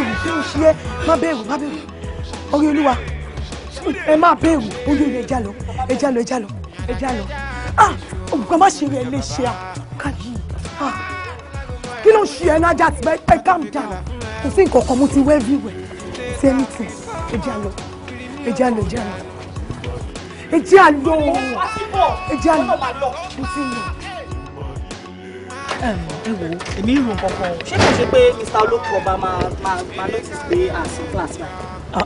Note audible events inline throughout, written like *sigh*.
bẹ̀rù kí ló ṣe é má bẹ̀rù má bẹ̀rù ọ̀rẹ́ olúwa ẹ má bẹ̀rù oyún ni ẹja lọ ẹja lọ ẹja lọ ẹja lọ ah ògùn má ṣe rẹ̀ léṣe à káyì ah kí ló ṣe ẹ nájà tí ẹ calm down kò sí nǹkan kan mo ti wẹ́ bí wẹ̀ sí ẹni tì ẹja lọ ẹja lọ ẹja lọ ẹja lọ ẹja lọ mo ti lọ ẹ mọ ẹ wo èmi ń ro nǹkan ṣé kò ṣe pé mr olóko ọba máa máa notice pé àṣì class wa.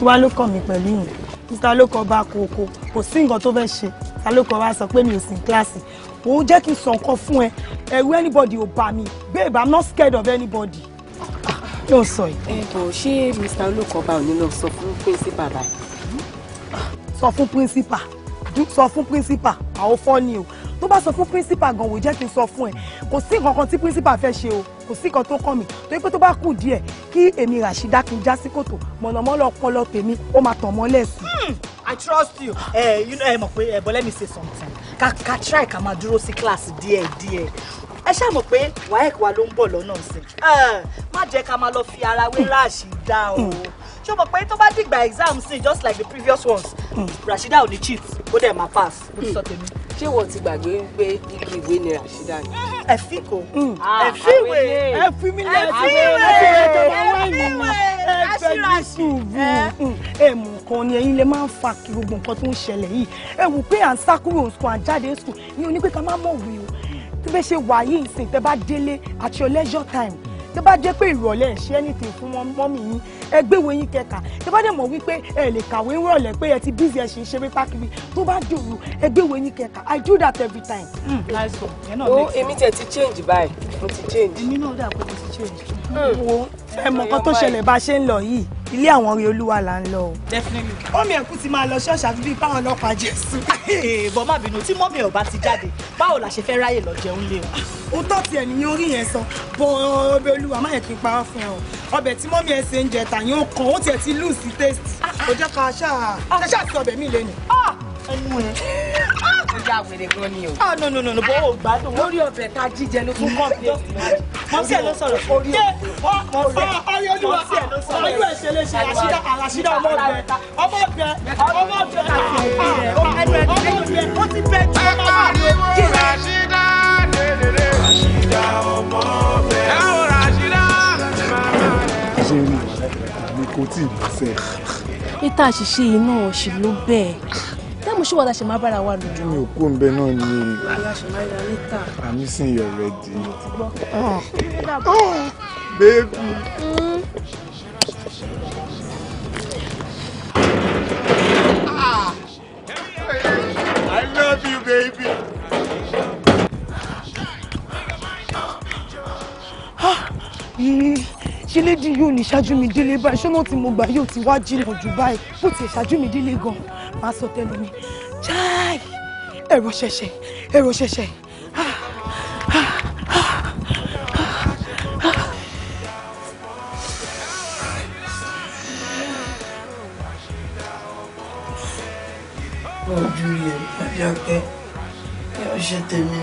wá ló kàn mí pẹ̀lú ìrìn mr olóko ọba kò kò kò sí nǹkan tó fẹ́ ṣe mr olóko ọba sọ pé mi ò sí kíláàsì òun jẹ́ kí n sọ nǹkan fún ẹ ẹ̀rù anybody ò bà mí babe i'm not scared of anybody yóò ah, sọ yìí. ẹ bọ̀ ṣé mr olóko ọba ò ní lọ sọ fún principal báyìí. sọ fún principal sọ fún principal àwọn fọ́ ni o tó bá sọ fún principal gan wò jẹ́ kí n sọ fún ẹ kò sí nǹkan kan tí principal fẹ́ ṣe o kò sí nǹkan tó kàn mí torí pé tó bá kù díẹ̀ kí èmi Ràṣídá kí n já sí kòtò mọ̀nàmọ́lọ́ ọpọlọ tèmi ó máa tàn mọ́lẹ̀ sí. Hmm, I trust you ẹ eh, ẹ mọ̀ pé ẹ eh, but let me say something ka ka try ka ma dúró sí class díẹ̀ díẹ̀ ẹ ṣáà mọ̀ pé WAEC wa ló ń bọ̀ lọ́nà sí má jẹ́ ká máa lọ fi ara wé ráàṣì dá o hmm. ṣé o mọ̀ pé tó bá dìgbà exam sí just like the previous ones hmm. Rashida ò ní cheat ó dẹ̀ máa pass ó hmm. ti sọ tèmi. ṣé wọn ti gbàgbé pé igi ìwé ni Rashida ni. ẹ fi kò ẹ fi ìwé ah, ẹ fi mi lẹ ẹ fi ìwé ẹ fi ìwé ẹ fẹ́ ní ẹ mú nǹkan ni ẹ̀yin lè máa ń fa kí gbogbo nǹkan tó ń ṣẹlẹ̀ yìí ẹ wò pé à ń sá kúrò ní sùkúl à ní onípẹ́ká tí bẹ́ẹ̀ ṣe wà yìí nsìn tẹ́ bá délé at your leisure time tẹ́ bá jẹ́ pé ìrọ̀lẹ́ ẹ̀ anything fún mọ́mì yín ẹ gbéwò yín kẹka tẹ́ bá dẹ̀ mọ̀ wípé ẹ lè kàwé rọ̀lẹ́ pé ẹ ti bízí ẹ ṣe ṣe pépà kiri tó bá dòwú ẹ gbéwò yín kẹka i do that every time. Hmm, o oh, èmi tẹ ti change báyìí mo ti change. èmi náà dà pé mo ti change. Hmm ẹ mọ nǹkan tó ṣẹlẹ̀ bá ṣe ń lọ yìí ilé àwọn rí olúwa là ń lọ o. definitely. ẹ̀kú ti máa lọ ṣọ́ọ̀ṣì àfi bíi báwọn ọlọ́pàá jésù. bọ́ má bínú tí mọ́mí ẹ̀ ti jáde báwo la ṣe fẹ́ ráyè lọ jẹun lé o. o tọ́ tiẹ̀ nìyẹn orí yẹn sọ bọ́ ọbẹ̀ olúwa má yẹ kí n parọ́ fún ẹ o ọbẹ̀ tí mọ́mí ẹ ṣe ń jẹ tà yín ó kàn ó tiẹ̀ ti lose taste. kò ah, ah. jẹ́ ká ṣáà ah. ṣáà ti ọbẹ̀ mi lé ni. ẹnu ẹ ó yà wèrè gan ni o. ọ ah, no no no no bó o gbádùn. lórí ọbẹ̀ ta jíjẹ ló fún kọ́ńpé. mọ́sẹ̀ ló sọ̀rọ̀ orí ọ̀rẹ́ ọ̀rẹ́ olúwa ọ̀rẹ́ ẹ̀ṣẹ̀ lè ṣe àṣìdá àṣìdá ọmọ ọbẹ̀ ọmọ ọbẹ̀ ọmọ ọbẹ̀ ọmọ ọbẹ̀ ó ti bẹ jù ọmọ ọbẹ̀ jẹ́ àṣìdá lélẹ̀ àṣìdá ọmọ ọbẹ̀ ẹ̀ ò ràṣìdá. ṣé mi kò tí ì lọ sẹ́ẹ̀. níta àṣìṣe yìí náà ṣì ló bẹ́ẹ̀ táàmù ṣé wàá la ṣe máa bára wa lò. mi ò kú nbẹ náà ni. I'm missing you already. Oh. baby. Mm. I love you, baby. Ah, yeah. Ah ṣe lédi yóò ní ṣáájú mi délé báyìí ṣọ́nà tí mo gbà yóò ti wá jìnnà jù báyìí bó ti ṣáájú mi délé gan máa sọ tẹnu mi jáì ẹ̀rọ ṣẹ̀ṣẹ̀ ẹ̀rọ ṣẹ̀ṣẹ̀. ojú rí àbí ọkẹ ẹ ọ ṣe tèmi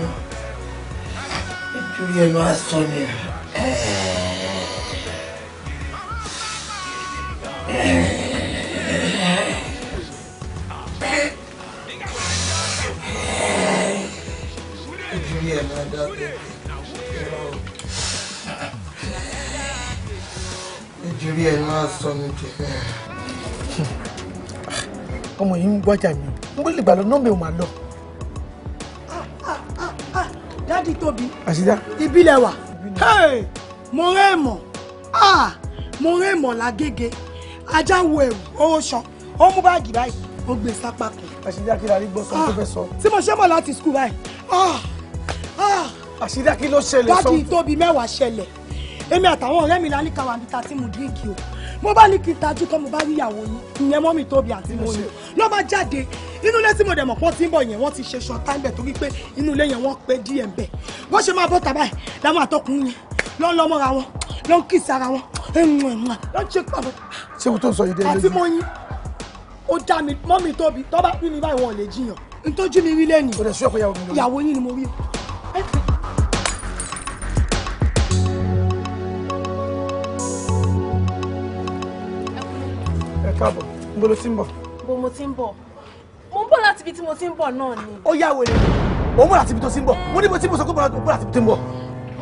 ojú rí ẹnu asọ ni nítorí ẹ máa sọ ní tẹ̀lé. ọmọ yìí ń gbájà mi n gbé lè gbà lọ nọ́ọ̀mù ò máa lọ. dádì tóbi ìbílẹ̀ wà mo rẹ́ mọ̀ ah! mo rẹ́ mọ̀ lágége ajá wo ẹ̀rù owó ṣan ó mú báàgì báyìí ó gbé e sápá kan. àṣírí akínlá rí gbọ́ sọ tó fẹ́ sọ. Ah, tí mo ṣe mọ̀ láti skul báyìí. Ah, ah. àṣírí akínlá ló ṣẹlẹ̀ sọ. dáàdi tóbi mẹ́wàá ṣẹlẹ̀ èmi àtàwọn ọ̀rẹ́ mi lálẹ́ kàwá mi ta tí mo díríkì o mo bá ní kí n tajú kọ́ mo bá rí ìyàwó yín ìyẹn mọ́ mi tóbi àti mo ní lọ́ bá jáde inú ilé tí mo dẹ̀ mọ̀ pọ́n ti ń bọ̀ yẹn wọ́n ti ṣe ṣan táìmbẹ̀ torí pé inú ilé yẹn wọ́n pé díẹ̀ ńbẹ̀ bó ṣe máa bọ́ tàbá ẹ̀ làwọn àtọkùnrin yẹn lọ́n lọ́mọ́ra wọn lọ́n kìsì ara wọn lọ́n ṣe pàbọ̀ ṣé kò tó sọ yìí dé lójú. àti mọ́yìn ó dá mi mọ́ mi tóbi tó bá bí mi báyìí wọn ò lè jiyàn ntọ́jú mi wí lẹ́nu. o lè sọ ìyàwó mi lórí. ìyàwó yín ni mo wí. ẹ káàbọ̀ níbo ló ti ń bọ̀. bo mo ti ń bọ̀ mo ń bọ̀ láti ibi tí mo ti ń bọ̀ náà ni. ó yá wèrè mo ń bọ̀ láti ibi tó ti ń bọ̀ mo ní mo ti ń bọ̀ sọ pé mo ń bọ̀ láti ibi tó ń bọ̀.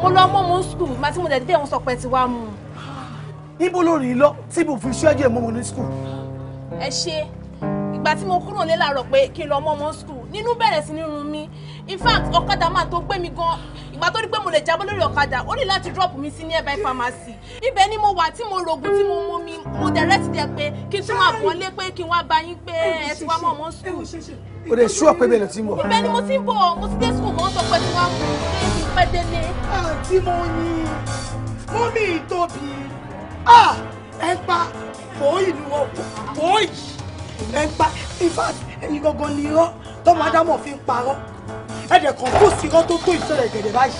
mo lọ mọ́ mo ń sùkúù màá mo dẹ̀ dé wọn sọ pé ti wá mú un níbo ló rìn lọ tí mo fi ṣẹ́jú ẹ̀ mọ́ wọn ní skul. ẹ ṣe ìgbà tí mo kúrò lé làárọ̀ pé kí n lọ mọ́ skul nínú bẹ̀rẹ̀ sí ní run mi in fact ọ̀kadà máa tó gbé mi gan ìgbà tó rí pé mo lè jábọ́ lórí ọ̀kadà ó ní láti drop mi sí nearby pharmacy ibẹ̀ ni mo wà tí mo rògùn tí mo mú mi mo direct dẹ pé kí n tún máa bọ́ lé pé kí n wá bá yín pé ẹ ti wá mọ́ mọ́ skul. o de ṣú ọ̀pẹ bẹ̀rẹ̀ tí ń ibẹ̀ ni mo ti ń bọ̀ mo ti dé skul mo sọ pé tí wọ́n á mú mi pẹ́ délé. àǹtí ah, mọ́mí ìtòbí ah ẹgbà fòóyì ni wọ́n fòóyì ẹgbà in fact ẹ̀yin gangan ni irọ́ tọ́mọ ádámọ̀ fi ń parọ́ ẹ̀dẹ̀ kan kó sí irọ́ tó tó ìṣẹ̀lẹ̀ gẹ̀dẹ̀ báyìí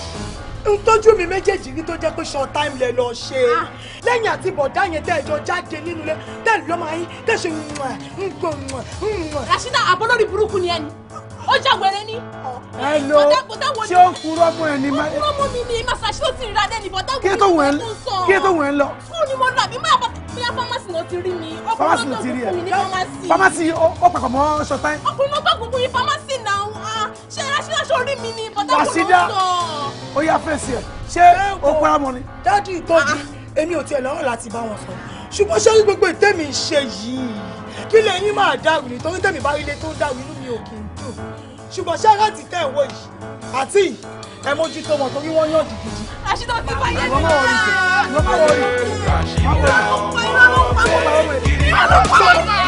n tójú mi méjèèjì rí tó jẹ́ pé short time lẹ lọ ṣe lẹ́yìn àti bọ̀dá yẹn tẹ́ ẹjọ́ jáde nínú ilé tẹ́ lọ́mọ ayé tẹ́ ṣe ń gbọ̀n ń gbọ̀n. Rashida àbọ̀lórí burúkú ni ẹni ọjà wẹrẹ ni. hello ṣé ó kúrọ́ mọ́ ẹni máa. ó kúrọ́ mọ́ mi ni masasi ó ti rírà dẹ́ni bọ́tà wọ́n ló ń sọ. kí ètò wẹ̀ ń lọ. fún ni mo lọ àbí máa bóyá fámásì náà ti rí mi. fámásì ló ti rí ẹ fámásì ó papọ̀ mọ́ ṣọtá ẹ. ọkùnrin ló gbàgbọ́ fún fámásì náà ah, ṣe aṣíwájú orí mi ni bọ́tà wọ́n ló ń sọ. ó yá fèsì ẹ ṣé ó pẹ́ra mọ́ ni. dájú ìtọ́jú ah. èmi ò tiẹ̀ lọ́rọ̀ láti bá wọn sọ ṣùgbọ́n ṣé gbogbo ìtẹ́mi ṣe yìí kí lẹ́yìn máa dàrú nítorí tẹ̀mí bá rí ilé tó ń dàrú inú mi ò kì í dùn ṣùgbọ́n ṣáárà ti tẹ̀ wọ yìí àti ẹ mójútó wọn torí wọ́n yàn jìbìjì. àṣìṣe ti bá yẹn nígbà. lọ́mọ wọn rí lọ́mọ wọn rí. lọ́mọ wọn rí.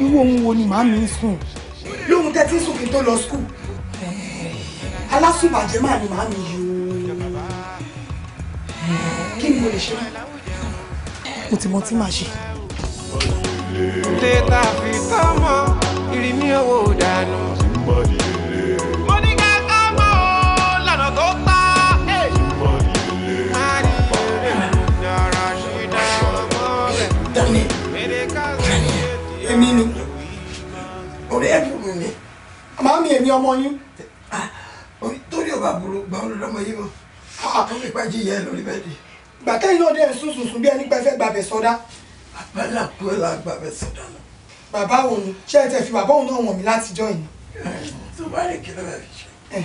irú ohun wo ni màámi ń sùn. lóhun tẹ́ tí ń sùn kí n tó lọ skul alásùbàjẹ́ máa ni màámi yìí kí ni mo lè ṣe mo ti mọ tí màá ṣe. data fi tọmọ ìrìnnì owó dànù. mo ní ká ni ọ̀rẹ́ èmi ọmọ yín ah, torí ọba burú gbà ọ́ lọ́mọ yín gbájí yẹ lórí bẹ́ẹ̀dì. gbàtẹ́yìn náà dé sùn sùn sùn bí ẹni pẹ́ fẹ́ gbàbẹ̀ àbálà kú ẹ̀ la gbàbẹ̀ sọdá lọ. bàbá òun ṣé ẹ tẹ fi bàbá òun náà wọ̀n mí látijọ́ yìí. tó bá lè kí ẹ̀ ṣe.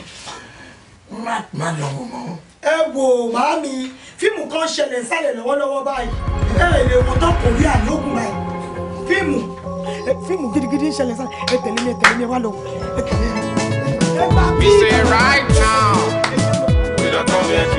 má lọ wọ mọ́. ẹ wo màámi fíìmù kan ṣẹlẹ̀ sálẹ̀ lọ́wọ́lọ́wọ́ báyìí ẹ lè wọ́n tán kòríà lókun báyìí fíìmù We say right now, we don't come here.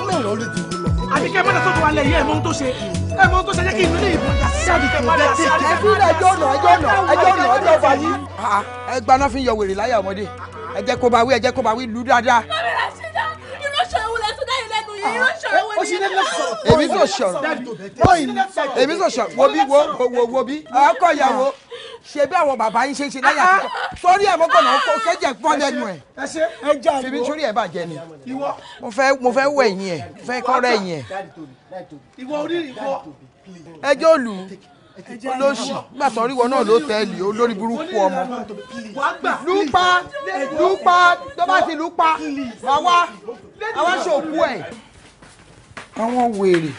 àbí kẹ́ mọ́tò tó wà lẹ̀ yẹ ẹ̀mọ́ tó ṣe ẹ̀mọ́ tó ṣe jẹ́ kí inú ilé ìbọn ah, ah, ẹ jẹ́ kó bá wí ẹ jẹ́ kó bá wí lù dáadáa. Ah. èmi kò sọ̀rọ̀ èmi kò sọ̀rọ̀ wo bí wo wo wo bí ah, ọkọ ìyàwó ṣe bí àwọn bàbá yín ṣe ṣe láyà àtijọ́ sórí ẹ̀ mọ́kànlá kó kéjẹ̀ pọ́n lẹ́nu ẹ̀ ṣèbí sórí ẹ̀ bàjẹ́ ni mo fẹ́ mo fẹ́ wẹ̀ yín ẹ̀ mo fẹ́ kọ́rọ̀ ẹ̀yìn ẹ̀ ẹjọ́ olù olóṣì nígbà tó rí wọn náà ló tẹ́lẹ̀ olórí burúkú ọmọ lùpá lùpá tó bá ti lùpá wàá wá àwa ṣòkú ẹ̀ àwọn wèrè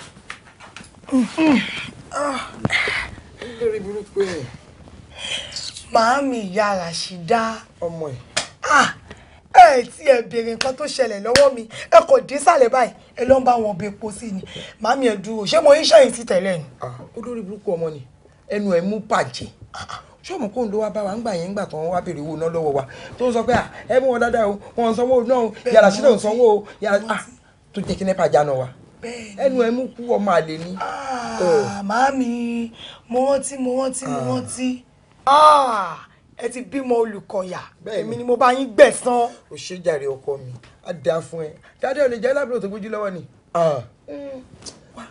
lórí burúkú ẹ̀. màámi yàrá sì dá ọmọ ẹ̀ ẹ tí ẹ béèrè nǹkan tó ṣẹlẹ̀ lọ́wọ́ mi ẹ kò dé sàlẹ̀ báyìí ẹ ló ń bá wọn bepo sí ni màámi ẹ dúró ṣé mo ń ṣẹ̀yìn sí tẹ̀lé ni. olórí burúkú ọmọ ni ẹnu ẹ mú bàjẹ́ ṣé ọmọ kóhùn ló wá bá wa ńgbà yẹn ńgbà tó wọn wá béèrè owó náà lọ́wọ́ wa tó ń sọ pé ẹ mú wọn dáadáa o wọn sanwó náà yàrá sílẹ̀ ń sanwó o yàrá tó jẹ́ kí nẹ́pà jáná wa ẹnu ẹ mú kú ọmọ àlè ni. Ah, oh. màámi mo rántí mo rántí mo ah. rántí ah, ẹ ti bímọ olùkọyà èmi ni mo bá yín gbẹ̀san. o ṣe jàre ọkọ mi á dáa fún ẹ dáadáa ò lè jẹ́ lábúrò tó gbójú lọ́wọ́ ni. Hmm. wá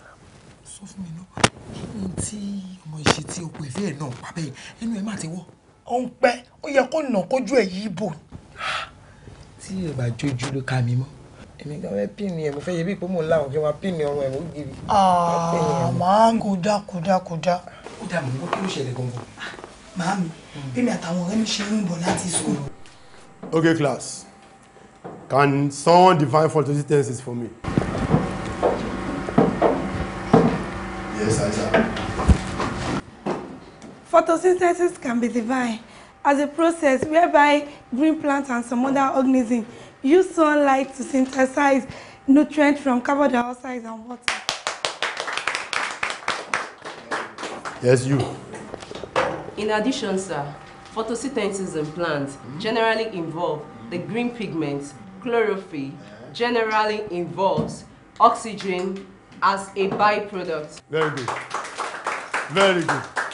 sọ fún mi náà kí ni tí ọmọ ìṣe tí ọkọ ìfẹ́ ẹ̀ náà pàbẹ́ ẹnu ẹ̀ má ti wọ́. ó ń pẹ́ ó yẹ kó nà kójú ẹ̀ yí bò. tí ẹ jójú ló ka mi mọ́ èmi gan fẹ́ pin ni ẹ̀ mo fẹ́ yẹ bí pé mò ń láwọn kí wọ́n pin ni ọrùn ẹ̀ mo ń giri. ń kó dá kó dá kó dá. ó dà mí kí ló ṣẹlẹ̀ gangan. màámi bí hmm. mi àtàwọn ọ̀rẹ́ mi ṣe ń bọ̀ láti school. okay class can someone define photosynthesis for me. yes i sir. photosynthesis can be defined as a process whereby green plants and some other organisms Use sunlight to synthesize nutrients from carbon dioxide and water. Yes, you. In addition, sir, photosynthesis in plants generally involve the green pigment chlorophyll, generally involves oxygen as a byproduct. Very good. Very good.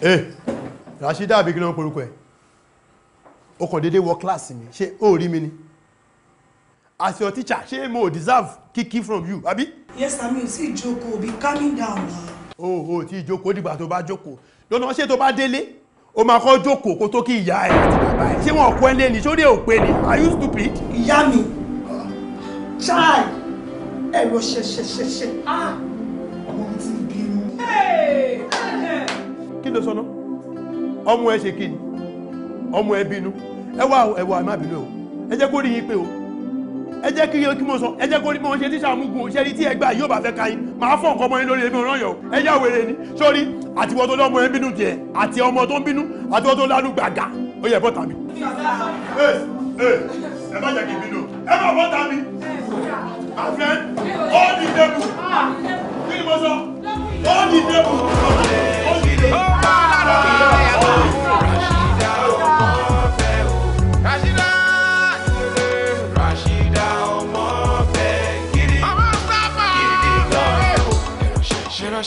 eh Rashida àbí kí ló ń porúkọ ẹ̀ o kàn déédéé wọ kíláàsì mi ṣé o rí mi ni as your teacher ṣé mo deserve kíkí from you Abi. yes I mean, see Joko be calming down Oh, oh, ò Joko, ìjókòó dìgbà tó bá Joko. lọ́nà ṣé tó bá délé o máa kọ́ jókòó kó tó kí ìyá ẹ̀ àti bàbá ẹ̀ ṣé wọn kọ́ ẹ lé ní sórí òpè ni are you stupid. ìyá mi chai ẹ̀rọ ṣẹ̀ṣẹ̀ṣẹ̀ṣẹ̀ ah. kí ló sọnà ọmọ ẹ ṣe kíni ọmọ ẹ bínú ẹ wá ẹ wá má bínú o ẹ jẹ́ kó rí yín pé o ẹ jẹ́ kí kí mo sọ ẹ jẹ́ kó rí bí wọ́n ṣe tíṣà mugun òṣèré tí ẹ gbà yóò bá fẹ́ ka yín màá fọ̀ nǹkan ọmọ yín lórí ẹbí ọ̀ràn yọ ẹ yá wèrè ni sórí àtiwọ́ tó lọ́mọ yẹn bínú tiẹ̀ àti ọmọ tó ń bínú àtiwọ́ tó lálù gbàgà ó yẹ bọ́ta mi. ẹ má jẹ́ kí n bínú ẹ má bọ́ta mi. my friend all the kí ni mo sọ all the devil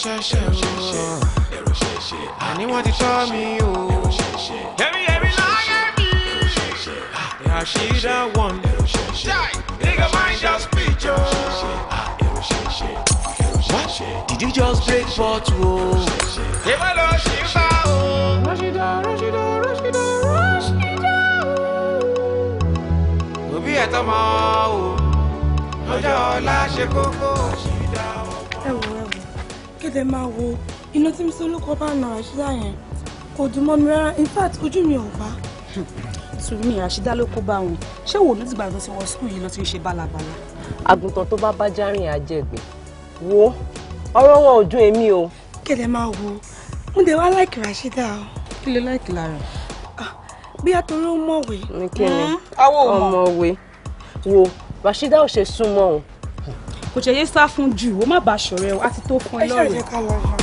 ṣẹ̀ṣẹ̀ ṣẹ̀ṣẹ̀ ẹ̀rọ ṣẹ̀ṣẹ̀ àní wọ́n ti tọ́ mi o. ẹ̀mí ẹ̀mí láyé mi. Rashida one. Jai, nigga mind your speech o. What? Did you just break bottle? ọlá ṣe kókó ṣìdá ọmọ. ẹ wò ẹ wò kéde máa wo iná tí mi sọlọ́kọ bá na àṣìdá yẹn kò dùn mọ́ mi rárá in fact ojú mi ò bá. sùnmí àṣìdá ló kó bá wọn ṣé wò ló ti gbàgbé sí wọn sùkúù yìí ló ti ń ṣe bálabàla. àgùntàn tó bá bá járìn àjẹgbẹ wo ọ̀rọ̀ wọn ò dún èmi o. kéde máa wo mo dé wá láìkì ràṣídà o. kí ló láìkì lára. Ah, bí atorí ó mọ̀wé. ní kí ni hmm? ọmọwé wo ràṣídà ò ṣe súnmọ́ òun kò ṣẹ̀yẹ sá fún jù ó má bàa ṣọ̀rẹ́ o á ti tó kan lọ́rùn. ẹ ṣàjẹ́ ká lọ yọ.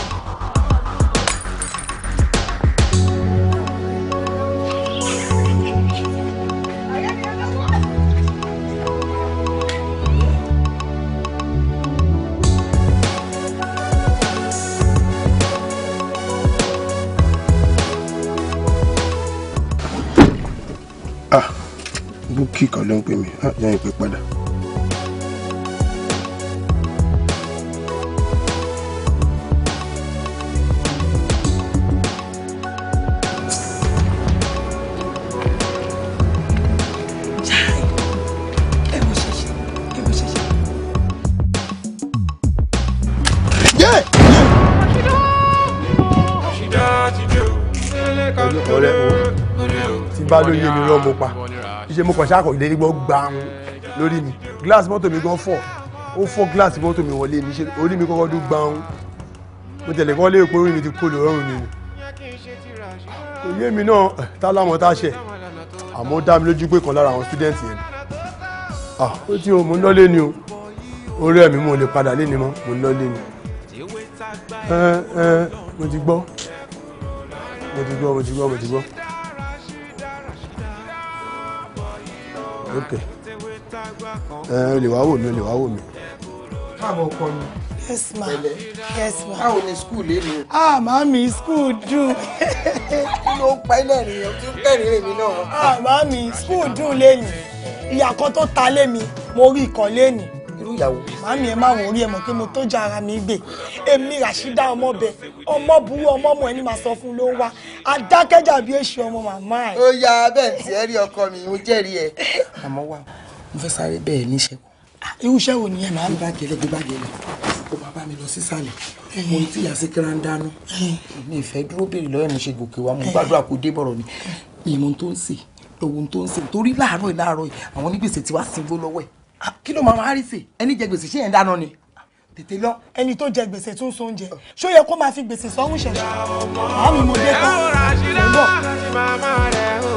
Ah, búkì kan ló ń pè mí á ah, jẹ́ ìpè padà. lóye mi rán mo pa ṣe mo kàn ṣàkọ ìlérí gbọ́ lórí mi glass mọ́tò mi gan fọ́ ó fọ́ glass mọ́tò mi wọlé ní ṣe orí mi kọ́kọ́ dún gbàm mo tẹ̀lé kọ́ lé ìpòrí mi ti kó lò rọrùn mi ni kò mi náà tá láwọn tá ṣe àmọ́ dá mi lójú pé kan lára àwọn student yẹn ah ó ti o mo ń lọ́lé ni o orí ẹ̀mí mo lè padà lé mọ́ mo ń lọ́lé ni mo ti gbọ́ mo ti gbọ́ mo ti gbọ́ mo ti gbọ́. ok ẹ ẹ lè wá wò mí lè wá wò mí. káàbọ̀ ọkọ mi. yes ma yes ma. báwo ni skul lèmi. *laughs* ah màámi skul dùn. kí ló ń pa ilé ènìyàn tí ó kẹ́rin èmi náà. ah màámi skul dùn lẹ́yìn ìyàkọ́ tó ta lẹ́mi mo rí ìkọ́ lẹ́yìn pẹ̀lú ìyàwó màámi ẹ má wọrí ẹ mọ̀ pé mo tó já ara mi gbè èmi Ràṣídà ọmọbẹ ọmọ burú ọmọ ọmọ ẹni máa sọ fún ló ń wá adákẹ́jà bí èṣù ọmọ màmá ẹ. ó ya bẹ́ẹ̀ tí ẹ rí ọkọ mi ó jẹ́rìí ẹ. àmọ́ wà mo fẹ́ sáré bẹ́ẹ̀ níṣẹ́ kù. Ah, irú iṣẹ́ wo nìyẹn màá. gbígbá gẹlẹ gbígbá gẹlẹ ó bàbá mi lọ sísàlẹ̀ mo ti yà sí kíra dáná mi ìfẹ́ dúró béèrè lọ́yẹ̀ mo ṣe gòkè tó ń sè torí láàárọ̀ láàárọ̀ àwọn onígbèsè ti wá sí gbó lọ́wọ́ ẹ̀ kí ló máa máa rí sè ẹni jẹ gbèsè ṣé ẹ̀ ń dáná ni tètè lọ. ẹni tó jẹ gbèsè tún so oúnjẹ ṣó yẹ kó máa fi gbèsè sọ́hún ṣẹ̀ṣẹ̀ àmì mo dé tán lọ.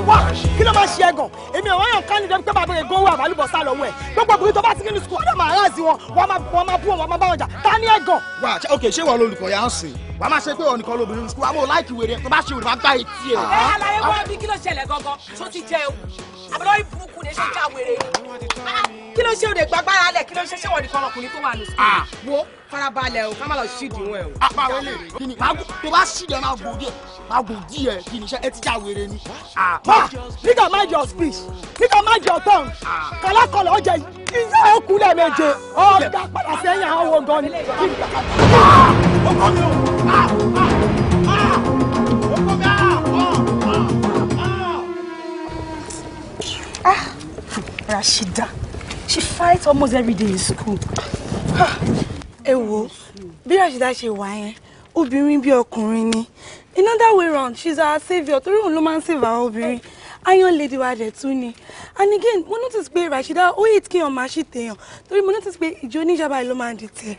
wá kí ló máa ṣe ẹgàn èmi ò wáyàn kánì dẹ́bi pé bàbá rẹ̀ gan wà bàálù bọ̀ sá lọ́wọ́ ẹ̀ gbogbo obìnrin tó bá ti kí ní sukù ọ̀dọ̀ máa rà sí wọn wọ́n máa bú wọn wọ́n máa bá wọn jà ta ni ẹgàn. wà á ok ṣé wọ́n lolùkọ́ yà ń sìn wà á máa ṣe pé ọ̀ nìkan lóbìnrin sukù àmọ́ láìkì wèrè tó bá ṣe wèrè máa gbá etí ẹ̀. ẹ alaye wá bí kí ló ṣẹlẹ̀ gangan wo farabalẹ̀ o ká lọ ṣídìí wọn ẹ o. àpá àwọn ilé kí ni tó bá ṣídìí ẹ máa gbò díẹ̀ máa gbò díẹ̀ kí ni ẹ ti já wèrè ni. àpá nígbà mind your speech nígbà mind your tongue kọlákọlọ ọjà iṣẹ́ ẹ kú lẹ́ẹ̀mejì ọ̀gá padà sẹ́yìn àwọn wo gan ni. ọkọ mi ò ọkọ mi à. Ah, Rashida, she fights almost every day in school. Ah ẹ wo bí Rashida ṣe wà yẹn obìnrin bí ọkùnrin ni in another way round she's our saviour torí òun ló máa ń save àwọn obìnrin iron lady wa dẹ̀ tún ni and again mo notice pé Rashida ó hit kí ọmọ àṣì tèèyàn torí mo notice pé ìjọ oníjàmbá ló máa ń dìtẹ̀.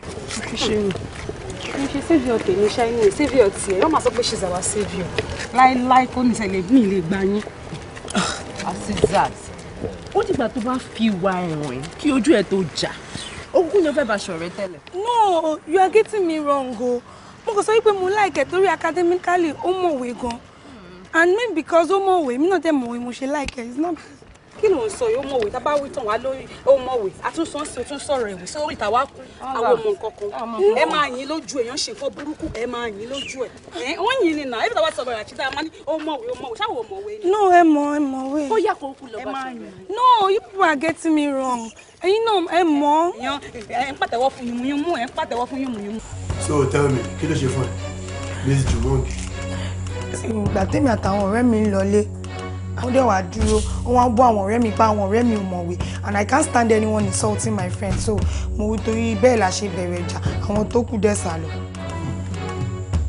mo ṣe saviour tèmi ṣáínì saviour tiẹ̀ yóò máa sọ pé she's our saviour láéláé kó ní ṣẹlẹ̀ mí lè gbà yín. àti zaz ó dìgbà tó bá fi wá ẹ̀wọ̀n kí ojú ẹ̀ tó jà òkùnkùn ló fẹ́ bá ṣọ̀rẹ́ tẹ́lẹ̀. no you are getting me wrong o mo kàn sọ wípé mo láìkẹ́ torí academically ó mọ̀wé gan hmm. and maybe because ó mọ̀wé mi náà dẹ̀ mọ̀wé mo ṣe láìkẹ́ it's not kí ló ń sọ yìí ó mọ̀wé tá a bá wí tán wá lórí ó mọ̀wé àtúnṣán sí tún sọ̀rọ̀ ẹ̀wì sórí ìta kú àwọn ọmọ nǹkan kan ẹ máa yín lójú èèyàn ṣe nǹkan burúkú ẹ máa yín lójú ẹ wọ́n yín ni nà ẹ̀bí tá a wá àti tá ó mọ̀wé ó mọ̀wé ṣáà wò ni. no ẹ mọ̀ ẹ mọ̀wé. ó yà kó kú lọ bá ṣe. no you people are getting me wrong ẹ̀yin náà ẹ mọ̀. ẹ ń pàtẹ́wọ́ fún yùmùyùmù ẹ so tell me kí ló ṣe fún ẹ miss jubong. ìgbà tèmi àtàwọn ọ̀rẹ́ mi ń lọlé wọ́n dẹ̀ wá dúró wọ́n wá bọ́ àwọn ọ̀rẹ́ mi pa àwọn ọ̀rẹ́ mi ò mọ̀wé and i can't stand anyone insulting my friend so mo wí torí bẹ́ẹ̀ la ṣe bẹ̀rẹ̀ ìjà àwọn tó kù dẹ̀ sá lọ.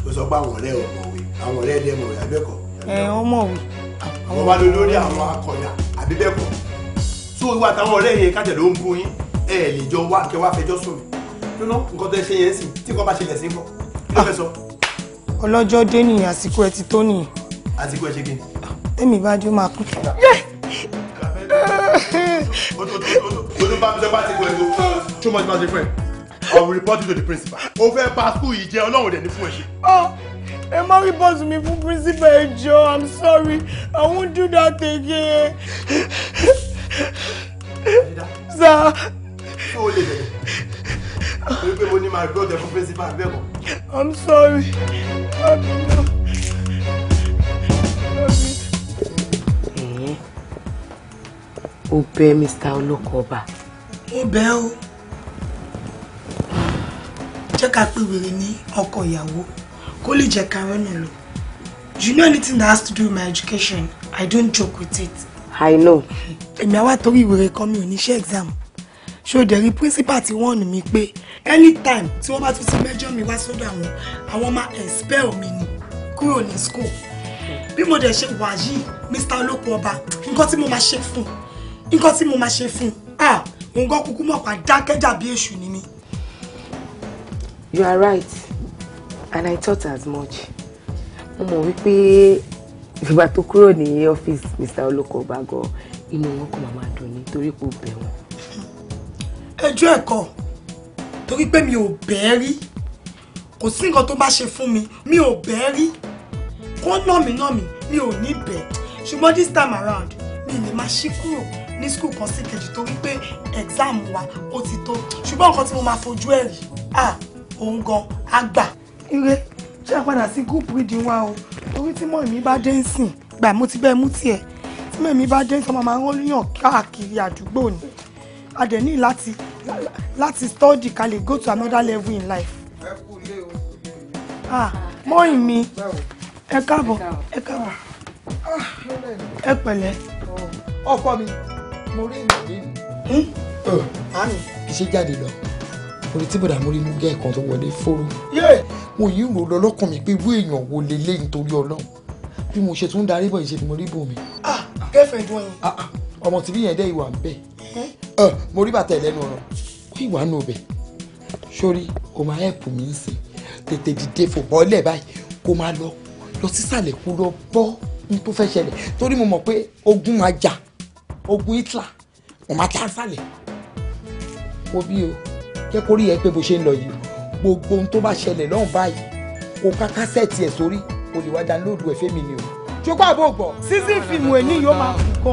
ó sọ pé àwọn ọ̀rẹ́ ò mọ̀wé àwọn ọ̀rẹ́ ilé mọ̀wé abẹ́kọ̀. ẹ wọ́n mọ̀wé. wọ́n wá lórí àwọn akọ̀yà àbí bẹ́ẹ̀ kọ́ so ìwà àtàwọn ọ̀rẹ́ yẹn kájẹ̀ ló ń bú yín ẹ lè jọ wá kẹ wá fẹjọ́ sùn mí lọ́nà nǹkan tẹ́ ṣe yẹn sì tí kò bá ṣẹlẹ̀ sí kọ́ dé nìyẹn àsìkò ẹ ti tó nìyẹn. àsìkò ẹ ṣe kí ni tẹ́mi bá jó máa kú. ojú too much bá ti fẹ́ I will report you to the principal. Over fẹ́ bá school yìí jẹ́ ọlọ́run dẹ̀ ní fún ẹ ṣe. Ah, ẹ má rí bọ́ọ̀sì mi principal Joe. I'm sorry I won't do that again. sir. ṣé o lè bẹ̀rẹ̀? Torí pé mo ní principal I'm sorry. I'm sorry. ó bẹ mr olóko ọba. ó bẹ ó jẹ́ ká pé wèrè ní ọkọ ìyàwó kó lè jẹ́ ká rọ́nà lọ you know anything that has to do with my education i don't joke with it. i know. èmi àwa torí ìwèrè kan mi ò ní ṣe exam ṣòdẹ̀rí principal ti wọ́n mi pé anytime tí wọ́n bá tún ti mẹ́jọ́ mi wá sódò àwọn àwọn máa expel mi ni kúrò ní school bí mo dẹ̀ ṣe wà yìí mr olóko ọba nǹkan tí mo máa ṣe fún un nǹkan tí mo máa ṣe fún un òun kúkú mọ̀ pa dákẹ́jà bí èṣù ni mí. you are right and i thought as much mo mọ̀ wípé ìgbà tó kúrò ní ọ́fíìsì mr olóko ọba gan inú wọn kò máa dùn nítorí kò bẹ̀ wọ́n. ẹjọ́ ẹ̀kọ́ torí pé mi ò bẹ́ẹ̀ rí kò sí nǹkan tó bá ṣe fún mi mi ò bẹ́ẹ̀ rí kó nà mí nà mí mi ò ní bẹ́ẹ̀ ṣùgbọ́n this time around mi lè máa ṣí kúrò ní skul kan sí kejì torí pé exam wa ó ti tó ṣùgbọ́n nǹkan tí mo máa fojú ẹ̀ rí à òun gan á gbà. ire ṣé àpadà sí group reading wa o torí tí mọ̀ mi bá dé ń sìn gbà mo ti bẹ́ẹ̀ mú tiẹ̀ tí mọ̀ mi bá dé ń sọ máa ń yàn káàkiri àdúgbò ni a dẹ̀ ní láti láti study ká lè go to another level in life. ẹ kú ilé o. ah mọ́yìn mi ẹ káàbọ̀ ẹ káàbọ̀ ah, ẹ pẹ̀lẹ́. ọkọ mi mo rí ìmọ̀lẹ́ hmm? mi. àánú ìṣe jáde lọ orí tí bọ̀dà mórí mú gẹ́ ẹ̀kan tó wọlé fóró. mo yí rò lọ lọ́kàn mi pé irú èèyàn wo lélẹ́ nítorí ọlọ́run bí mo ṣe tún darí bọ̀ ìṣe ni mo rí bòmí. kẹfẹ̀ẹ́ dún ẹyin. ọmọ tìbí yẹn dẹ́ ìwà ń bẹ̀ hmm? mo rí bàtà ẹlẹ́nu ọ̀rọ̀ kó ìwà nù bẹ̀ sórí o máa ẹ̀pù mi ń sìn tètè dìde fò bọ́lẹ̀ báyìí kó máa lọ lọ sísàlẹ̀ kó lọ bọ́ n tó fẹ́ ṣẹlẹ̀ torí mo mọ̀ pé ogun máa jà ogun Hitler wọn máa já sálẹ̀ wo bí o jẹ́ kó rí ẹ pé bó ṣe ń lọ yìí gbogbo ohun tó bá ṣẹlẹ̀ lọ́hùn báyìí kó ká kásẹ̀tì ẹ̀ sórí kó lè wá dánlóòdù ẹ̀ fẹ́mi ni o ṣùgbọ́n àbò gbọ́ sísìn fíìmù ẹ̀ ní yóò máa kú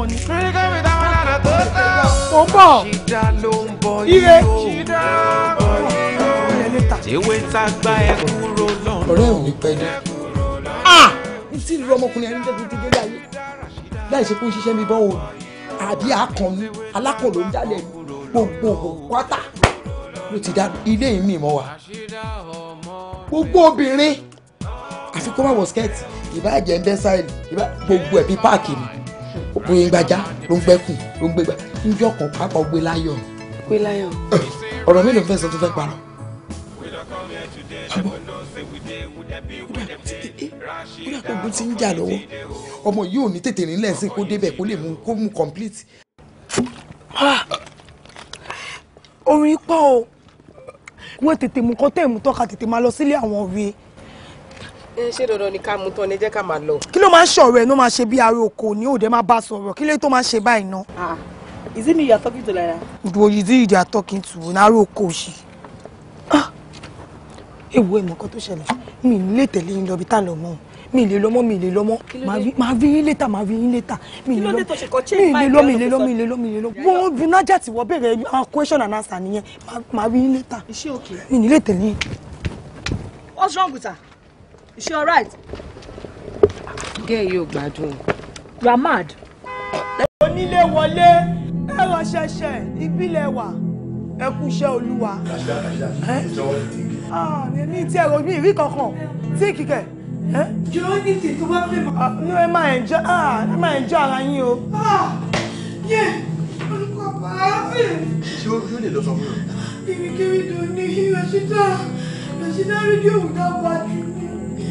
gan ni. mo bọ̀ ire. ọ̀rẹ́ ò ní pẹ́ ni n tí ì rí ọmọkùnrin ẹni tó ti dé láyé láì ṣe kó ń ṣiṣẹ́ mi bọ́ òòlù àbí akànnì alákàn ló ń dálẹ̀ gbogbo pátá ló ti dá ilé yìí mì wa gbogbo obìnrin àfi kó má wọ skẹ́ẹ̀tì ìbá jẹ́ ń bẹ́ sáìlì ìbá gbogbo ẹ̀bí páàkì ni òpin gbajà ló ń gbẹ́kùn ló ń gbégbá níjọ́ kan pápá gbé láyọ̀. gbé láyọ̀. ọ̀rọ̀ mi ló fẹ́ sọ tó fẹ́ parọ́. àbọ̀ kódà kódà kó gbó ti ń jà lọ́wọ́ ọmọ yìí ò ní tètè rìn lẹ́sìn kó débẹ̀ kó lè mú kó mú complete. Ah! orin pọ̀ o wọ́n tètè mú kọ́tẹ́ ìmú tọ́ka tètè máa lọ sílé àwọn òwe. ṣé dandan ni ká mú tán ni jẹ́ ká máa lọ. kí ló máa ń ṣọ̀rọ̀ ẹ̀ ló máa ṣe bí ara oko ni òde máa bá sọ̀rọ̀ kí ló tó máa ṣe báyìí ná. Ah, is it me you are talking to like that. wo is it you are talking to naro oko ṣì. Ah! ewu ẹ̀ mọ̀ kan tó ṣẹlẹ̀ mi ò ní lè tẹ̀lé yín lọ bí tá a lọ mọ́ ọ́n mi lè lọ́mọ mi lè lọ́mọ màá rí yín létà màá rí yín létà mi lè lọ́mọ mi lè lọ́mọ mi lè lọ́mọ mi lè lọ́mọ mo bunájà tí wọ́n béèrè àwọn question and answer nìyẹn màá rí yín létà mi ní lè tẹ̀lé what's wrong with her? is she alright? gẹ́ẹ̀ yóò gbádùn. you are mad. onílé wọlé ẹ̀rọ ṣẹ̀ṣẹ̀ ìbílẹ̀ wa ẹkúṣẹ́ olúwa. àmì ah, mi tí ẹ̀rọ mi ìrí kankan tí kìkẹ́. Jọ́nìtì tó bá fẹ́ mọ̀. Ní ẹ máa ń já ah, ẹ máa ń já ara yín o. Yẹ olùkọ́ pàápàá. Ṣé o yóò lè lọ sọ fún mi? Kìrìkìrì tó ní Rashida Rashida rédíò òǹdà wá jù mí.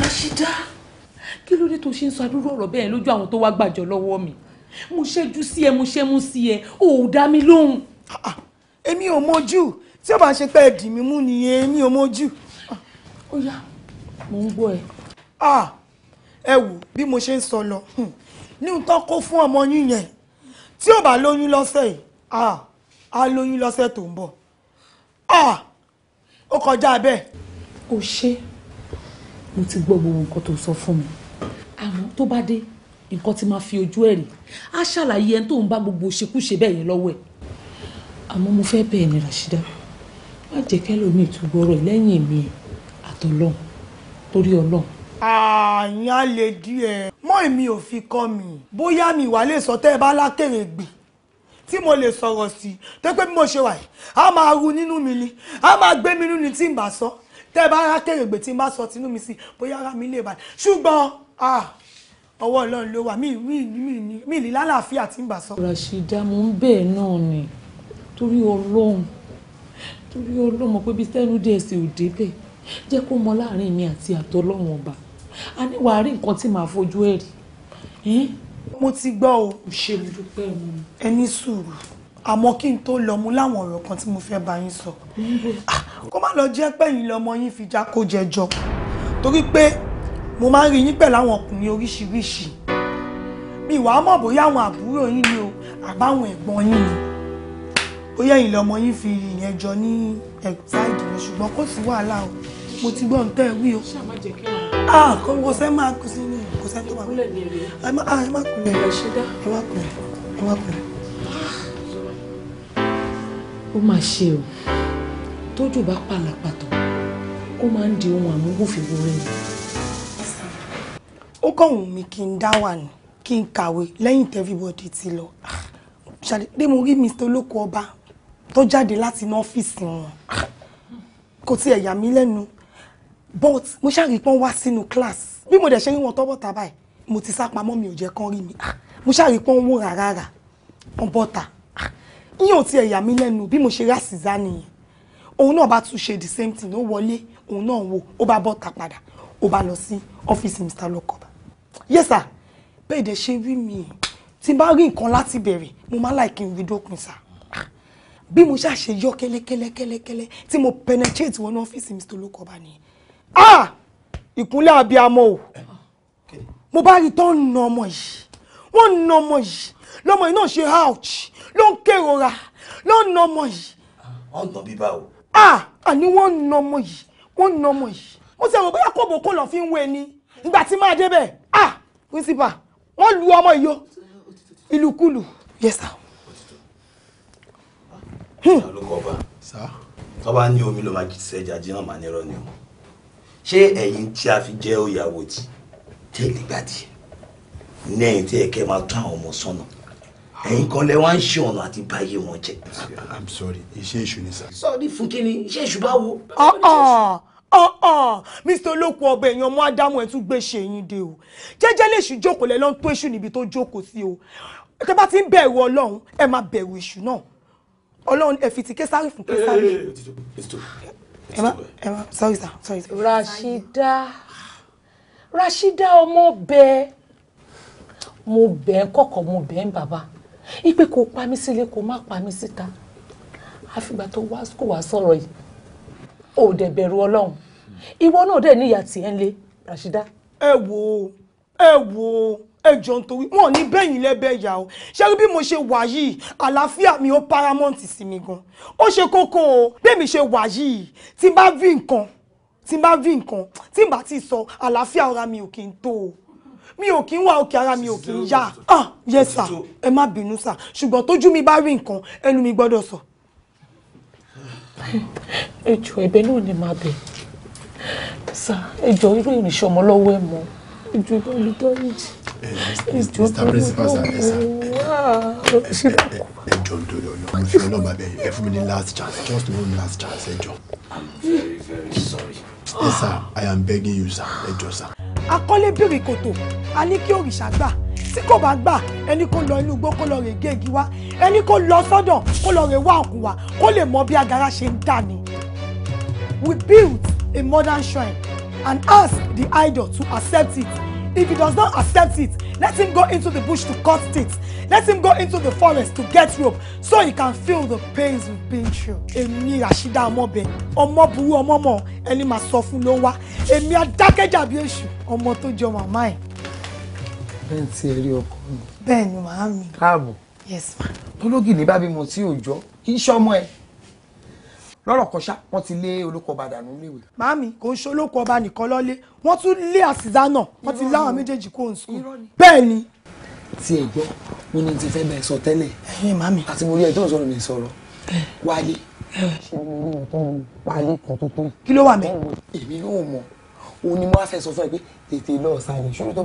Rashida kí ló dé tó ṣe ń sọ àdúrú ọ̀rọ̀ bẹ́ẹ̀ lójú àwọn tó wá gbàjọ lọ́wọ́ mi? Mo ṣẹ́jú sí ẹ, mo ṣẹ́mú sí ẹ, ò dá mi lóhùn. Ah, ah, èmi ò mọ̀ Júù tí ó bá ṣe pé ẹ̀dì mi mú nìyẹn mi ò mójú. ó yá mò ń gbọ́ ẹ. ẹ wò bí mo ṣe ń sọ lọ hmm. ní nǹkan kó fún ọmọ yín yẹn tí ò bá lóyún lọ́sẹ̀ yìí á lóyún lọ́sẹ̀ tó ń bọ̀ ó kọjá bẹ́ẹ̀. o ṣe mo ti gbọ́ gbogbo nǹkan tó sọ fún mi àmọ́ tó bá dé nǹkan tí máa fi ojú ẹ̀ rí á ṣàlàyé ẹni tó ń bá gbogbo ṣekúṣe bẹ́ẹ̀ yẹn lọ́wọ́ ẹ̀ àmọ́ mo fẹ́ bẹ́ẹ̀ ni Rashida má jẹ́ kẹ́lòmíì tún gbọ́rọ̀ lẹ́yìn mi àtọlọ́hún torí ọlọ́hún. àyàn lè díẹ̀ mọ́ èmi ò fi kọ́ mi bóyá mi wà lè sọ tẹ́ ẹ bá lákèrè gbè tí mo lè sọ̀rọ̀ sí tó pé bí mo ṣe wà yìí a máa ru nínú mi ni a máa gbé mi nínú ni tí n bá sọ tẹ́ ẹ bá lákèrè gbè tí n bá sọ tinú mi sí bóyá ara mi lè bàjẹ́ ṣùgbọ́n ọwọ́ ọlọ́run ló wà mí ìlú lálàáfíà tí n bá sọ. Rashida mo ń bẹ́ẹ̀ náà ni torí ọlọ́run torí ọlọ́mọ pé bí sẹ́nu dé ẹsẹ̀ ò débẹ̀ jẹ́ kó mọ láàrin mi àti àtọ́lọ́wọ̀n ọba a ní wàá rí nǹkan tí màá fojú ẹ̀ rí. mo ti gbọ́ o ṣe mo dúpẹ́ mu. ẹ ní sùúrù àmọ́ kí n tó lọ mú láwọn ọ̀rọ̀ kan tí mo fẹ́ bá yín sọ ah, kó má lọ jẹ́ pẹ́yìn lọmọ yín fi já kó jẹ jọ torí pé mo máa ń rí yín pẹ̀lú àwọn ọkùnrin oríṣiríṣi mi wàá mọ̀ bóyá àwọn àbúrò yín ni o àbáwọn ẹ̀gbọ́n yín ni ó yẹ ìlẹ̀ ọmọ yín fi ìyẹn jọ ní ẹ̀sáìdì rẹ̀ ṣùgbọ́n kò sí wàhálà o mo ti gbọ́ ǹtẹ́ wí o. ah kò wọ́n sẹ́ máa kú sí ní kò sẹ́ tó máa kú. ẹ má kúlẹ̀ ẹ má kúlẹ̀ ẹ má kúlẹ̀ ẹ má kúlẹ̀. ó máa ṣe o tójú bá pàlàpàtọ ó máa ń di ohun àmúgbòfìwò rẹ ni. ó kàn wù mí kí n dá wà ní kí n kàwé lẹ́yìn tẹ́fíbọ̀dì ti lọ ah, ṣàdédé mo rí mr olóko ọba tó jáde láti inú ọ́fíìsì wọn kò tiẹ̀ yà mí lẹ́nu but mo ṣáà rí pọ́n wá sínú class bí mo dẹ̀ ṣe ń wọn tọ́ bọ̀tà báyìí mo ti sá pamọ́ mi ò jẹ́ kán rí mi mo ṣáà rí pọ́n wò rárá wọn bọ̀tà ìyẹn ò tiẹ̀ yà mí lẹ́nu bí mo ṣe rá sísá nìyẹn òun náà bá tún ṣe the same thing ó wọlé òun náà wò ó bá bọ́ta padà ó bá lọ sí ọ́fíìsì Mr. Lọ́kọ̀ọ́bà yes sir bẹ́ẹ̀ dẹ̀ ṣe wí mi tí n bá rí nǹkan láti bẹ̀rẹ̀ mo máa láì n rí dópin sir bí mo ṣáà ṣe yọ kẹ́lẹ́kẹ́lẹ́kẹ́lẹ́ tí mo penetrate wọnú ọ́fíìsì Mr. Olókọ́ba ni ah ìkúnlẹ̀ abiyamọ o mo bá rí tán nà ọmọ yìí wọ́n nà ọmọ yìí lọ́mọ yìí náà ṣe ouch ló ń kérora ló ń nà ah, ọmọ yìí. wọ́n nà bíbá o. ah àní wọ́n nà ọmọ yìí wọ́n nà ọmọ yìí mo ṣe rò bóyá kóbò kó lọ fi ń wé ni ìgbà tí máa débẹ̀ ah principal wọ́n lu ọmọ yìí o ìlùkulù yes sir lórúkọ ọba tọ́ba ní omi ló máa jí sẹ́jà jíran màá nírọ̀ ni o ṣé ẹ̀yin tí a fi jẹ́ òyàwó tí tẹ́lẹ̀ gbàdí ní ẹ̀yin tí ẹ̀kẹ́ máa tún àwọn ọmọ sọ́nà ẹ̀yin kan lẹ wá ń ṣe ọ̀nà àti báyé wọn jẹ. i'm sorry iṣẹ́ èṣù ni sá. sọ́ọ́dí fún kínní iṣẹ́ èṣù bá wo. mr olókùn ọba ẹ̀yìn ọmọ ádámù ẹ̀ tún gbé ṣe yín dé o jẹ́jẹ́ lè jókòó lẹ́ lọ́n tó èṣù níbi tó jókòó sí o tẹ́ bá ti ń bẹ̀rù ọlọ́run ẹ máa bẹ̀rù èṣù náà ọlọ́run ẹ fi ti késàrì fún késàrì. ẹ má ẹ má sorry sir sorry Rashida Rashida ọmọ bẹ́ẹ̀ mo bẹ́ẹ̀ kọ̀kọ̀ mo bẹ́ẹ̀ bàbá ipe kò pa mí sílé kò má pa mí síta àfìgbà tó wá kò wá sọ̀rọ̀ yìí ò dẹ̀ bẹ̀rù ọlọ́run ìwọ náà dẹ̀ níyà tiẹ̀ ń lé Rashida. ẹ wo ẹ wo ẹjọ nítorí wọn ò ní bẹyìn lẹbẹ yà o ṣe rí bí mo ṣe wà yìí àlàáfíà mi ó paramount sí mi gan ó ṣe kókó o bẹ́ẹ̀mi ṣe wà yìí tí n bá vi nǹkan tí n bá vi nǹkan tí n bá ti sọ àlàáfíà ara mi ò kí n tó o mi ò kí ń wá òkè ara mi ò kí ń yá ah yes sir ẹ má bínú sir ṣùgbọ́n tójú mi bá rí nǹkan ẹnu mi gbọ́dọ̀ sọ. ẹjọ ẹ̀bẹ̀ náà ni màá bẹ̀ sá ẹjọ irú ìrìnsẹ ọmọ lọ́wọ́ ẹ mọ ẹjọ ìbálòpọ̀ ìjì mr principal sir ẹ sá ẹ jọ nítorí ọlọ́run mo fi ọlọ́run bá bẹ̀yìn last chance just one last chance ẹ i'm very very sorry. ẹ i am begging you sir ẹ eh, jọ akọ́lé bèrè kòtò a ní kí òrìṣà gbà tí kò bá gbà ẹni kò lọ inú igbó kó lọ rè géègì wá ẹni kò lọ sọ́dọ̀ kó lọ rè wá òkun wá kó lè mọ bí agara ṣe ń dà ní. we built a modern shrine and asked the idol to accept it If he does not accept it, let him go into the bush to cut sticks. Let him go into the forest to get rope so he can feel the pains of being true. Èmi Rashida Ọmọbẹ, ọmọ burú ọmọ mọ̀ ẹni màá sọ fún ló wá. Èmi adákẹ́jà bí èṣù, ọmọ tó jọ màmá ẹ̀. Bẹ́ẹ̀ ti ẹ ọkọ mi. Bẹ́ẹ̀ ni màá Káàbọ̀. Yes ma. Tológì ní bábí mo tí ò jọ, kì í ṣọmọ ẹ lọ́rọ̀ kan ṣá wọ́n ti lé olóko ọba dànù léwe. màámi kò ń ṣe olóko ọba nìkan lọ́lé wọ́n tún lé àsìdá náà wọ́n ti láwọn méjèèjì kó n sùn. bẹ́ẹ̀ ni. tí ẹ gbọ́ mo ní ti fẹ́ bẹ́ẹ̀ sọ tẹ́lẹ̀. ẹyin màámi. àti mo rí ẹ tó ń sọ̀rọ̀ mi sọ̀rọ̀ wálé. ṣé mo rí ọ̀tọ̀ mi wálé kan tó tó. kí ló wà mẹ́. èmi yóò mọ̀ òun ni mo wá fẹ́ sọ fún ẹ pé tètè lọ sàlẹ̀ ṣòro tó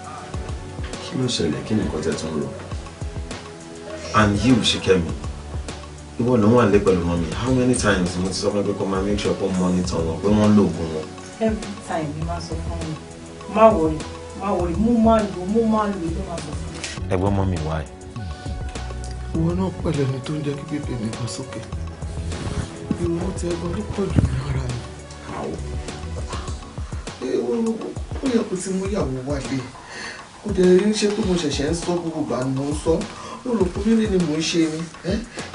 kí ló ṣẹlẹ̀ kí ni nǹkan tẹ̀ tún rò and you ṣìkẹ́mi ìwọ ló ń wà lé pẹ̀lú mọ́mi how many times mo ti sọ fún pé kó make sure kó monitor wọn pé wọ́n lo oògùn wọn. every time ni máa sọ fún mi má wọrí má wọrí mú má lò mú má lò tó máa sọ fún mi. ẹ̀gbọ́n mọ́mi wá ẹ̀. ìwọ náà pẹ̀lẹ́ ni tó ń jẹ́ kí bèbè mi lọ sókè ìrònú ti ẹ̀gbọ́n ló pọ̀ jù ní ara mi. ó yẹ kó ti mú ìyàwó wálé kò dẹ̀ rí ṣe pé mo ṣẹ̀ṣẹ̀ ń sọ gbogbo ìgbà ni mo ń sọ mo rò pé mímí ni mò ń ṣe ni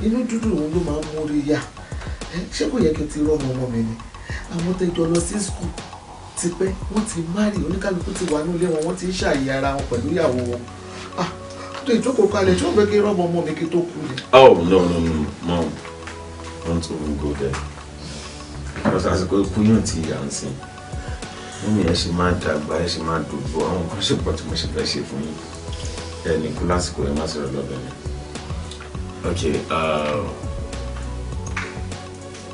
inú dúdú òun ló máa ń mórí yá ṣé kò yẹ kí n ti rọ́ọ̀mù ọmọ mi ni àwọn tẹjọ lọ sí skul ti wọ́n ti márì oníkálukú ti wà nílé wọn wọ́n ti ń ṣàyè ara wọn pẹ̀lú ìyàwó wọn ah tó ìjókòó kalẹ̀ tí wọ́n fẹ́ kí rọ́ọ̀mù ọmọ mi kí tó kú ni. oh no no no mom don't even go there because àsìkò ikú yàn ti yà ń sìn fún yẹn sì máa dàgbà ẹ sì máa dògbò àwọn kan sì pọ̀ tí mo sì fẹ́ ṣe fún yín ẹ kú lásìkò ẹ má sọ̀rọ̀ lọ́bẹ̀ mi. ok ah,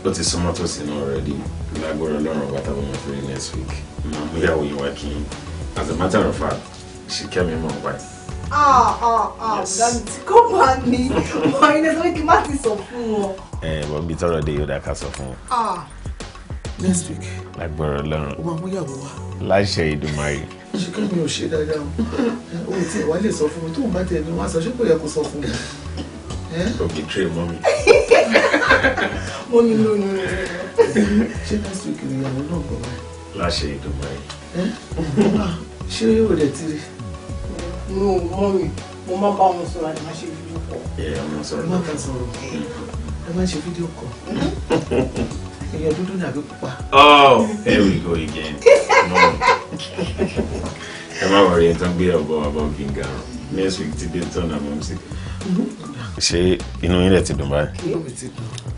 ó ti súnmọ́ tó sí náà already lágbóra ọlọ́run ọba tábọ̀ mọ́ fún yín next week máa mú ìyàwó yín wá kí yín as a matter of fact she ṣì kẹ́mi mọ̀ wá. ah ah ah dantí kó bá mi wọ́n iná sọ pé kí n má ti sọ fún wọn. ẹ eh, wọ́n bí tọrọ dé yóò dá ká sọ fún wọn. Ah next week. lágbára Ọlọ́run. o máa mú ìyàwó wa. láṣẹ Èdùmàrè. ṣùgbọ́n mi ò ṣe dáadáa o ò tí ì wá lè sọ fún mi tó ń bá tẹ̀ ní wọ́n aṣọ ṣé kò yẹ kó sọ fún mi. o kì í tire mọ́ mi. mo ní lóyún rẹ̀. ṣé next week ni ìyàwó náà gbọ́ báyìí. láṣẹ Èdùmàrè. Ah, ṣé yóò dẹ̀ tiri. mo mọ mi mo máa bá wọn sọ̀rọ̀ àti máa ṣe fídíò kọ. ẹ máa sọ̀rọ̀ ẹ máa ṣe fídíò kọ. *laughs* èèyàn dúdú dàbí oh there we go again ẹ má wọrí ẹ tán gbé ọgbọ bàbá ògì ga next week ti dé tán náà mọ̀ sí. ṣé inú yín rẹ̀ ti dùn báyìí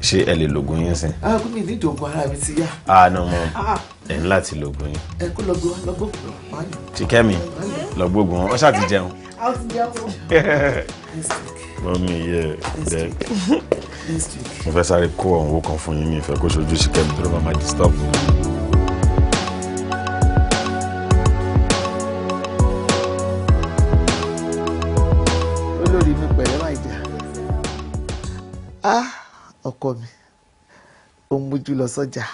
ṣé ẹ lè lògùn yín sí. aago ah, mi ní ìdògùn ara mi ti yá. a nà mọ ẹ ní láti lògùn yín. ẹ kó lọgbọ lọgbọ kúrò. chikẹ́mi lọgbọ wọn ṣáà ti jẹun. Out in the auto. *laughs* Next week. Mọ́mí yẹ dẹ. Next week. Mo fẹ́ sáré kó àwọn owó kan fún yín ní ìfẹ́ kó ṣojú sí kẹ́mi tó lọ́ máa disturb mi. ah ọkọ mi ò ń mójú lọ sọjà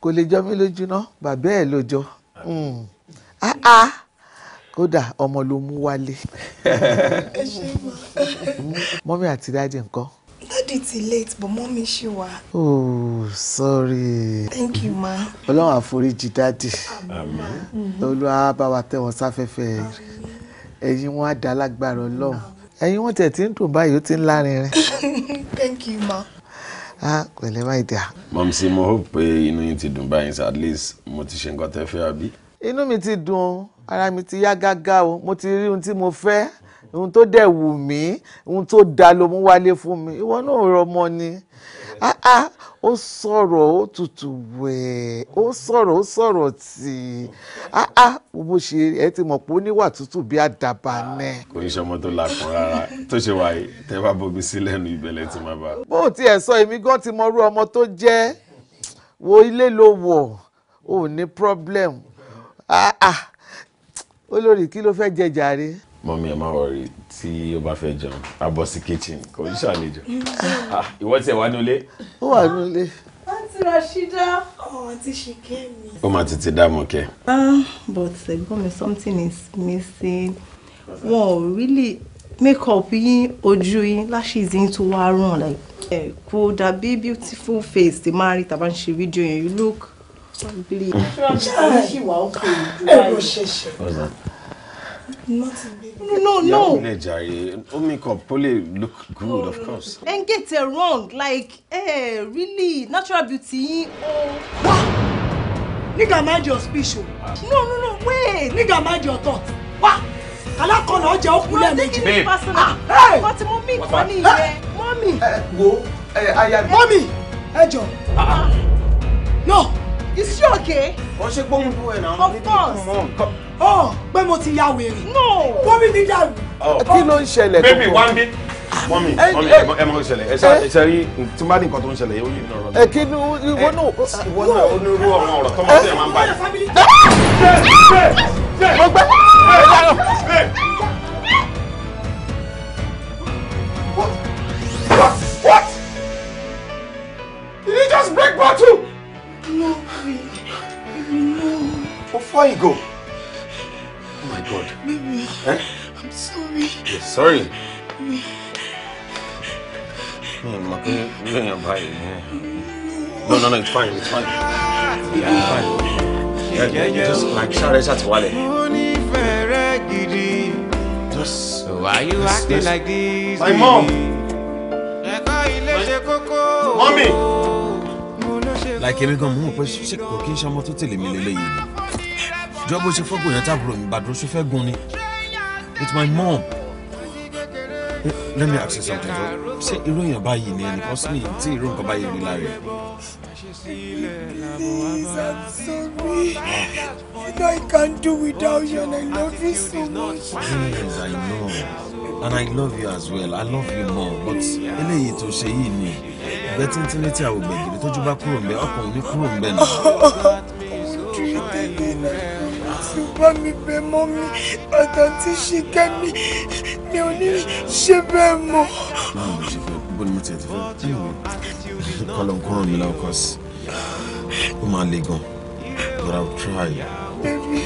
kò lè jọ mí lójú ná bàbá ẹ lójọ hmm. ah ah kódà ọmọ ló mú wálé. *laughs* *laughs* mọ́mí àti dáàdì ńkọ́. dáàdì ti late but mọ́mí ṣì wà. oh sorry. thank you ma. ọlọ́run àforíjì dáàdì. olúwa bá wa tẹ́ wọn sáfẹ́fẹ́ ẹ̀yin wọn á dá lágbára ọlọ́run ẹ̀yin wọn tẹ̀ tí ń dùn báyìí ó ti ń lárinrin. *laughs* thank you ma Ah, pẹ̀lẹ́ báyìí dà. mọ̀mísí mo hope pé inú yín ti dùn báyìí at least mo ti ṣe nǹkan tẹ́ fẹ́ àbí. inú mi ti dùn ara mi ti yá gágá o mo ti rí ohun tí mo fẹ́ ohun tó dẹ̀ wù mí ohun tó da ló mú wálé fún mi ìwọ náà rọmọ ni ó sọ̀rọ̀ ó tutù wẹ̀ ó sọ̀rọ̀ ó sọ̀rọ̀ tì í bó ṣe ẹ ti mọ̀ pé ó níwà tútù bí àdàbà nẹ. kò ní sọmọ tó lakùn rárá tó ṣe wáyé tẹ bá bomi sí lẹ́nu ìbẹ̀lẹ̀ tí máa bá. bó o tiẹ̀ sọ èmi gan ti mọ irú ọmọ tó jẹ́ wo ilé ló wọ̀ o ò ní problem. Ah, ah olórí kí ló fẹ́ jẹ jàre. mọ́mí ẹ má wọrí tí ó bá fẹ́ jẹun á bọ́ sí kitchen kò ní ṣàlejò ah, ìwọ tiẹ̀ wà nulẹ̀. ó wà nulẹ̀. àǹtí Rashida ọ̀hún oh, ti ṣe kẹ́mi. ó máa tètè dààmú kẹ. Ah, but ẹ̀gbọ́n mi something is missing wọn ò really makeup up yín ojú yín lashes yín tó wá rùn like eh, kò dàbí beautiful face tí máa rí tàbá ń ṣe fídíò yẹn you look Baby. No, no, no. Jare, o makeup only look good, of course. And get it wrong, like, eh, really, natural beauty. Oh. Nigga, mind your speech. No, no, no, wait. Nigga, mind your thought. What? Alákọ̀ọ́nà ọjà òkúlẹ̀ méjì. Babe, ah, hey! Fati, mommy, kò ní ìyẹn. Mommy. Wo, aya mi. Mommy, ẹ jọ. No. Is she okay? Ó ṣe gbóhùn tó ẹ̀ náà. Of course. Ọ̀ pé mo ti ya wèrè. No. Bómi ti dàrú. Kí ló ń ṣẹlẹ̀ tó kọ́? Bébì wá ń bí. Mọ́mí mọ́mí ẹ mọ̀ ìṣẹ̀lẹ̀ ẹ ṣe rí tí má ní nǹkan tó ń ṣẹlẹ̀ yóò yí nínú ọ̀rọ̀ náà. Kí ni náà? Ìwọ náà ó ọ̀rọ̀ ọ̀rọ̀ tọ́mọ sí ẹ̀ máa ń bá Mo gbẹ́. Where you go? Oh my God. Baby, eh? I'm sorry. You're sorry? Baby. Hmm, no, no, no, it's fine, it's fine. Yeah, it's fine. Yeah, yeah, yeah. Just like shout it out to Wale. Just. So why you just, acting just. like this? My mom! Mommy! Like, èmi gan mọ̀ pé ṣé kò kí n ṣe ọmọ tó tẹ̀lé jọ ṣe fọ́gbọ̀n yẹn tábùrọ̀ mi ṣe fẹ́ gun ni it's my mom. let me ask you something jọ ṣé irú èèyàn báyìí ni ẹnìkan sí nìyí tí irú nǹkan báyìí rí lára ẹ. Please, I'm sorry. You know I can't do without you, and I love you so much. Yes, I know. And I love you as well. I love you more. But eléyìí tó ṣe yìí ni ìgbẹ́ títí létí àwọn ògbẹ̀gìrì tójú bá kúrò ń bẹ ọkàn ò ní kúrò ń bẹ náà ti bá mi bẹ̀ mọ́ mi bàtà tí ṣìkẹ́ mi mi ò ní ṣe bẹ́ẹ̀ mọ́. báwo ni mo ṣe fẹ́ bó ni mo ti ẹ̀ ti fẹ́ kọ́lọ̀ nǹkan ràn mí lọ́wọ́ sí ó máa le gan but I'll try. baby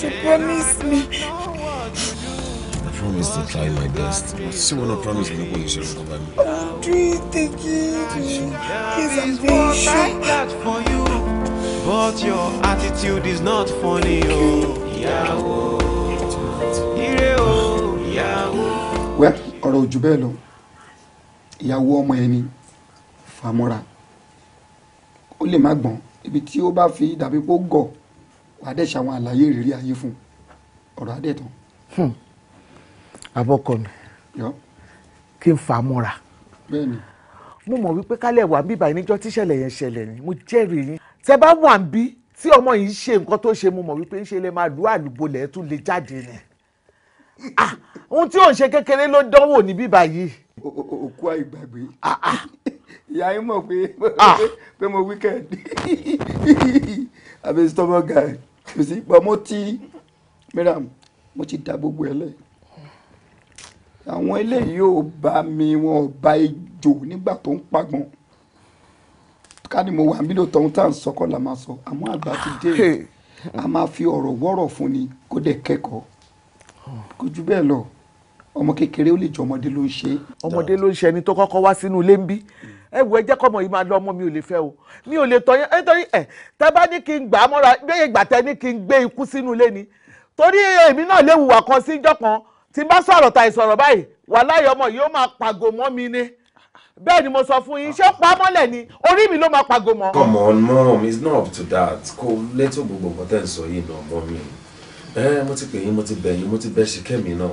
you promise me. I promise to try my best. Ṣé wọn náà promise me kò lè ṣe ọ̀rọ̀ báyìí? I will do it again. Please, I'm very sure. But your attitude is not funny, oh. Ìyàwó. Ire o. Oh, Ìyàwó. Well, ọ̀rọ̀ ojú bẹ́ẹ̀ lọ. Ìyàwó ọmọ ẹni fàmọ́ra. Ó lè má gbọ́n ibi tí ó bá fi dàbí pé ó gọ̀ wàá dẹ̀ ṣàwọn àlàyé ìrírí ayé fún ọ̀rọ̀ adẹ̀ tán. Àbọ̀kọ hmm. mi. Yọ. Kí n fà mọ́ra. Bẹ́ẹ̀ni mo mọ̀ wípé kálẹ̀ wà bíbá ìníjọ́ tíṣẹ̀lẹ̀ yẹn ṣẹlẹ̀ ni mo jẹ́rìí yín tẹ bá wà ń bí tí ọmọ yìí ṣe nǹkan tó ṣe mo mọ̀ wípé ń ṣe lè máa lu àlùbọ̀lẹ̀ tún lè jáde ni ohun tí ò ń ṣe kékeré ló dánwò ní bíbá yìí. òkú àìgbàgbé ìyá yín mọ̀ pé pé mo wíkẹ̀d àbí stubborn guy kò sí pọ̀ mo ti mìíràn mo ti da gbogbo ẹ̀ lẹ̀ àwọn eléyìí ò bá mi wọn ò bá ejò nígbà tó ń pagbọ́n ká ní mo wà nílò tọ́hún tá à ń sọkọ́ la máa sọ àmọ́ àgbà ti dé a máa fi ọ̀rọ̀ wọ́rọ̀ fún ni kó dẹ̀ kẹ́kọ̀ọ́ kò jù bẹ́ẹ̀ lọ ọmọ kékeré ó lè jọ ọmọdé ló ń ṣe. ọmọdé ló ń ṣe ẹni tó kọ́kọ́ wá sínú ilé ń bí ẹ wo ẹ jẹ́ yìí máa lọ ọmọ mi ò lè fẹ́ o mi ò lè tọ́yán nítorí ẹ tẹ́ bá ní kí n gbà á mọ́ra gbẹ́yẹ ìgbà tẹ́ ní kí n gbé ikú sínú ilé ni torí èmi náà léwu wà kan síjọ́ kan tí n bá sọ̀rọ̀ tàì sọ̀rọ̀ báyìí wàláyé yìí ó máa pàgò mọ́ mi ni bẹ́ẹ̀ ni mo sọ fún yín ṣé pamọ́lẹ̀ ni orí mi ló máa pàgò mọ́. come on mom it's not up to that kò lẹ́tọ̀ gbogbo nǹkan tẹ̀ ń sọ yìí náà mọ́ mi ẹ mo ti pè yín mo ti bẹ̀ yín mo ti bẹ̀ ṣe kẹ́mi náà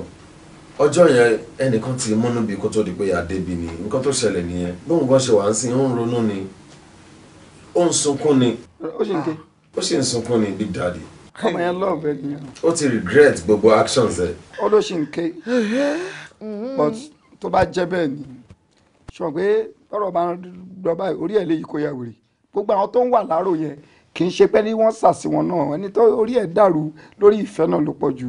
ọjọ́ yẹn ẹnìkan ti múnú bí kó tó di pé àdébì ni nǹkan tó ṣẹlẹ̀ nìyẹn bóun bá ṣe wà ń sìn ó ronú ni ó sunkún ni ó sì ń sunkún ni big daddy ọmọ yẹn lọ bẹ ni. ó ti regret gbogbo actions ẹ. ó ló ṣì ń ké but tó bá jẹ́ bẹ́ẹ̀ ni ṣùgbọ́n pé tọrọ máa ń dọba orí ẹ̀ léyìí kó ya wèrè gbogbo àwọn tó ń wà láàárọ̀ yẹn kì í ṣe pé ní wọ́n sà sí wọn náà ẹni tó orí ẹ̀ dàrú lórí ìfẹ́ náà ló pọ̀ jù